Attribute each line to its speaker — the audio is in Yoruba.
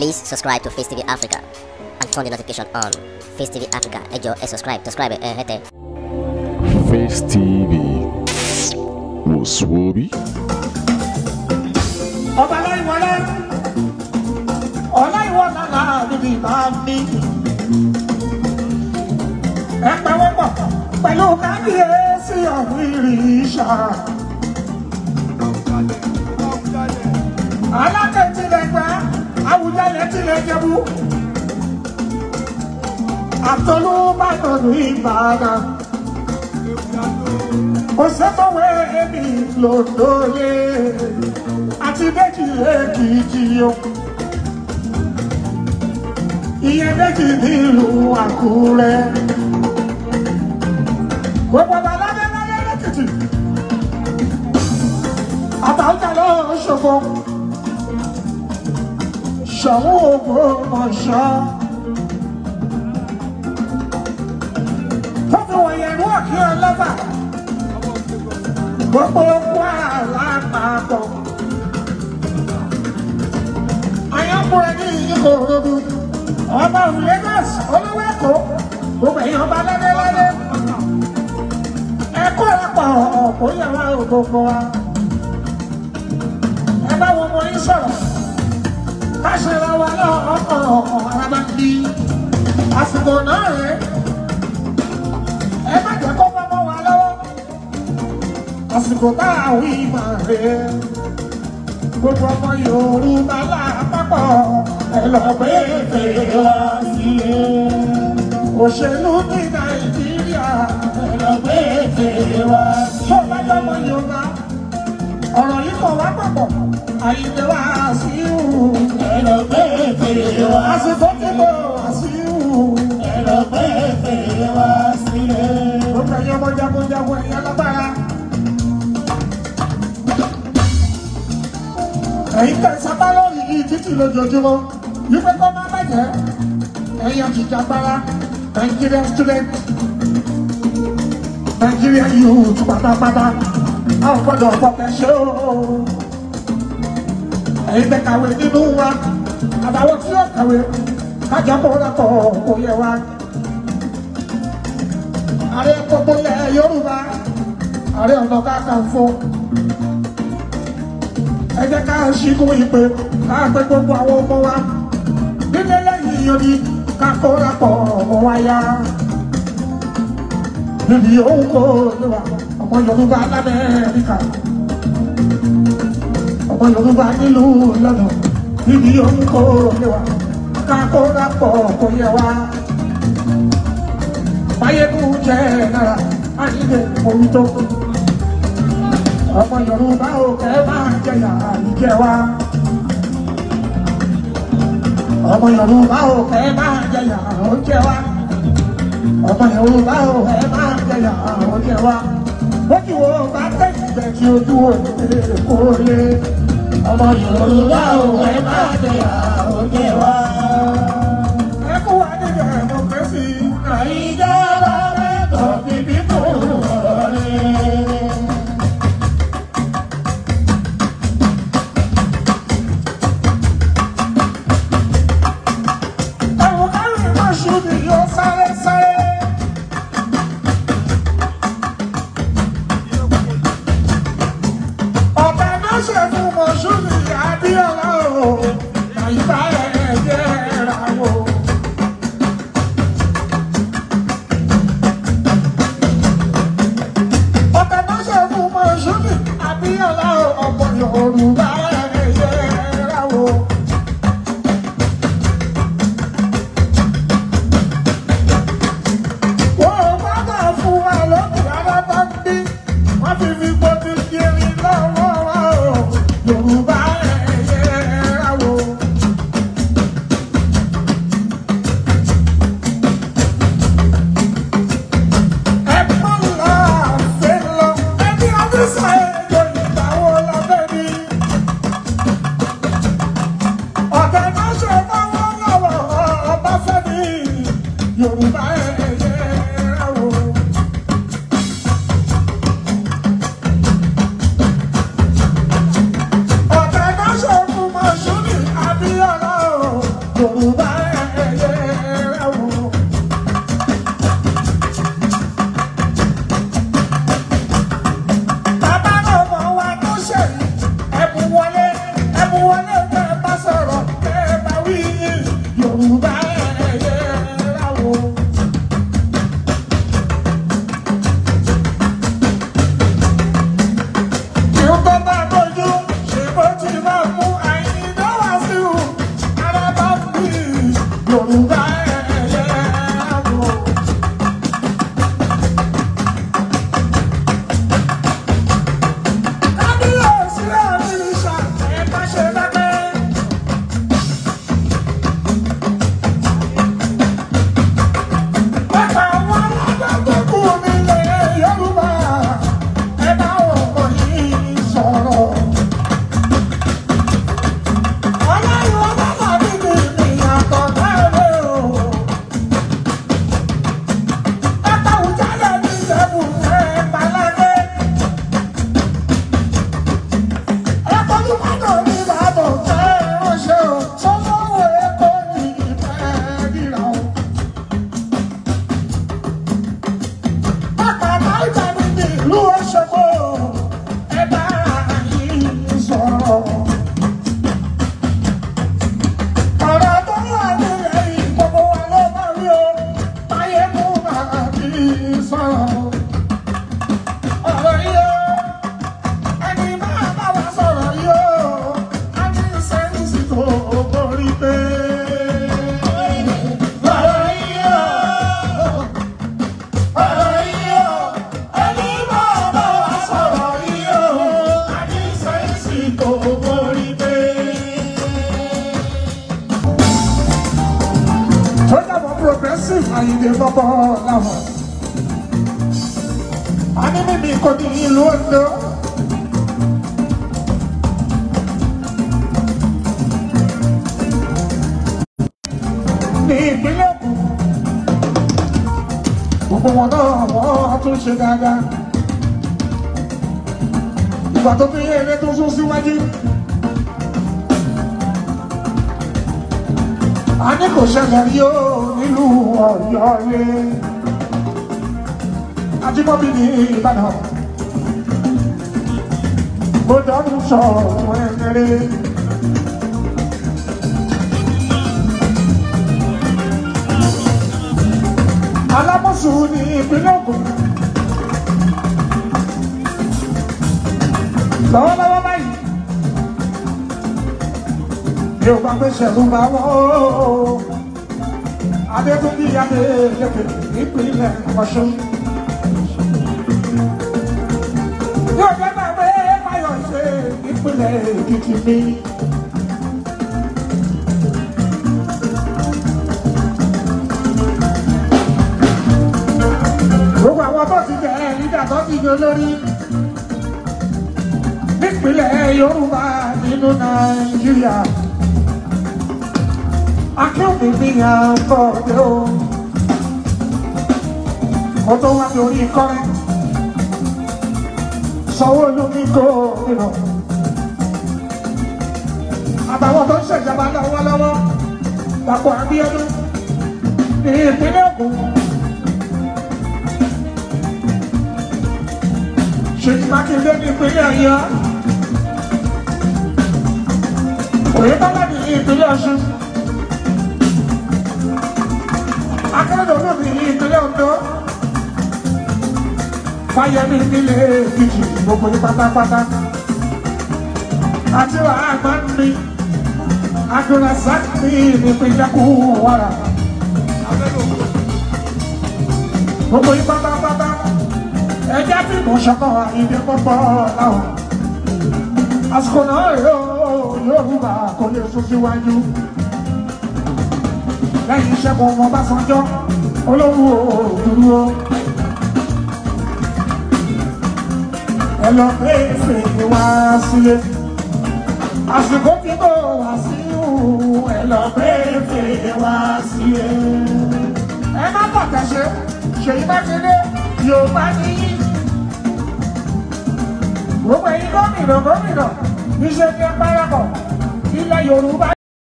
Speaker 1: Please subscribe to Face TV Africa and turn the notification on. Face TV Africa, ẹ jọ̀ọ́ ẹ subscribe, subscribe ẹ hẹ́tẹ̀. Face TV wò sùwórí. Ọba Ọláyíwọlé Ọláyíwọlá láàrin ìbá mi. Ẹ pẹ́wọ́ pọ̀ pẹ̀lú kábíyèsí ọ̀hún ìrìnsà. Alákẹ́tì lẹ́gbẹ̀ẹ́. Awùjalẹ̀ tilẹ̀ Jẹ̀bú. Àtọ̀lúbàdàn ní Ìbàdàn. Kò sẹ́fọ̀wé èmi lòdòlé àti méjì èkìtì o. Ìyẹn méjì nílùú Àkúrẹ́. Gbogbo ọba lábẹ́ lábẹ́ lẹ́kìtì. Àtàwùjalẹ̀ Òṣogbo ṣàwọn Ògbómọ̀ṣọ́. wọ́n fi wọ̀nyí ẹ̀rú ọ̀kí ọlọ́fà gbogbo Kwara lápapọ̀. ayọ́kùnrin ní ìyíkò ròdù ọba òun Lagos olówó Èkó gbogbo èèyàn bá lẹ́lẹ́ lẹ́lẹ́ ẹ̀kọ́ ẹ̀pọ̀ ọ̀pọ̀ yàrá ògbógbó wa ẹ bá wọn mọ yín sọ̀rọ̀ káṣẹ́ra wa lọ́kọ̀ ara bá ń di àsìkò náà rẹ̀ ẹ má jẹ́ kó bá mọ́ wa lọ́wọ́ àsìkò tá a wí máa rẹ̀ gbogbo ọmọ Yorùbá lápapọ̀ ẹ àyíndéwàásíù. ẹ̀rọ pé fèrè wá. àsìkò tí mo wàásíù. ẹ̀rọ pé fèrè wá sílẹ̀. gbogbo ẹ̀yẹ ọmọ jagunjagun ẹ̀yẹ alágbára. ẹ̀yin tẹ̀ sábà lórí yìí títí lójoojúmọ́ wípé kó má bàjẹ́ ẹ̀yin àjìjàgbara Nigerian student Nigerian youth pátápátá àwọn gbọ́dọ̀ pọ̀ pẹ̀ ṣe o ẹ̀yin tẹ́ kàwé wa àtàwọn tí yóò kàwé kájọ kó lápọ̀ yẹ wa. ààrẹ gbogbo ilẹ̀ yorùbá ààrẹ ọ̀nà kakanfò ẹ jẹ́ ká ṣígun ìpè ká pé gbogbo àwọn ọmọ wa nílé lẹ́yìn yọrí ká kó lápọ̀ ọmọ wa yá. níbi òun kò ní wa ọmọ yorùbá lábẹ́ ẹ̀ríkà ọmọ ló ń bá nílùú lọ́nà níbi wa kákó lápọ̀ kò yẹ wá. Báyẹ̀kùn jẹ́ náírà á nílé orí tó kù. Ọmọ Yorùbá òkè máa ń jẹyà ìjẹ wa. Ọmọ Yorùbá òkè máa ń jẹyà wa. Ọmọ Yorùbá òkè máa ń jẹyà wa. Ó ti wo bẹ tí ojú òní kó lé. ọmọ Yorùbá ò ẹ má jẹ àròjẹ wa. ẹ kó wa níbi democracy nàìjíríà mẹ́tọ̀ bíbí tó wọlé. ẹ̀wù kárí máa ṣubú yóò sáré. 我不怕。ọ̀pọ̀ làwọn. a ní mímí kò ní ìlú Ondo. ní ìpínlẹ̀ Ògùn gbogbo wọn náà wọ́n tún ṣe dáadáa. ìgbà tó fi eré tó sún síwájú. a ní kò ṣẹlẹ̀ rí ó nílùú ọ̀yọ́ rẹ̀ ajímọ́bí ní ìbàdàn mo dánú sọ̀rọ̀ ẹ̀ẹ́rẹ́. alámọ̀sùn ní ìpínlẹ̀ Ògùn lọ́wọ́lọ́wọ́. mi ò bá gbé ṣẹ̀rú bá wọ́n o. Adétúndí Adélékè nípínlẹ̀ Ọ̀ṣun. Ní ọjọ́ náà pé Máyọ̀ ṣe nípínlẹ̀ Èkìtì mi. Gbogbo àwọn tó ti I can't be me out for the Mo tó wá lórí ìkọ́rẹ́, sanwó lórí gómìnà. Àtàwọn you. ń ṣèjọba lọ́wọ́lọ́wọ́, Dàpọ̀ Abíọ́dún, ní ìpínlẹ̀ Ògùn. Ṣèjì Mákindé ní ìpínlẹ̀ Ọ̀yọ́. Oyèbọ́lá ní ìpínlẹ̀ Ọ̀ṣun. akérèdọ́lù mi ní ìpínlẹ̀ Ondo fáyemí nílé èkìtì gbogbo yìí pátápátá àti wàá gbọ́n mi Abdulrasaq mi nípínlẹ̀ Kúwárà gbogbo yìí pátápátá ẹjẹ tí mo ṣọkàn àyíndé pọ́pọ́ láwọn àsìkò náà yóò yóò rúbà kò lè sún síwájú lẹ́yìn Ṣẹ́gun Ọbásanjọ́ olówó òdúró o. ẹ lọ pé ìsèké wá sílé àsìkò tí kò wá sí ìhù ẹ lọ pé ìsèké wá sílé. ẹ má pàtàṣe Ṣèyí Mákindé yóò bá níyì gbogbo ẹ̀yin gómìnà gómìnà iṣẹ́ ní ẹ parapọ̀ ilẹ̀ Yorùbá.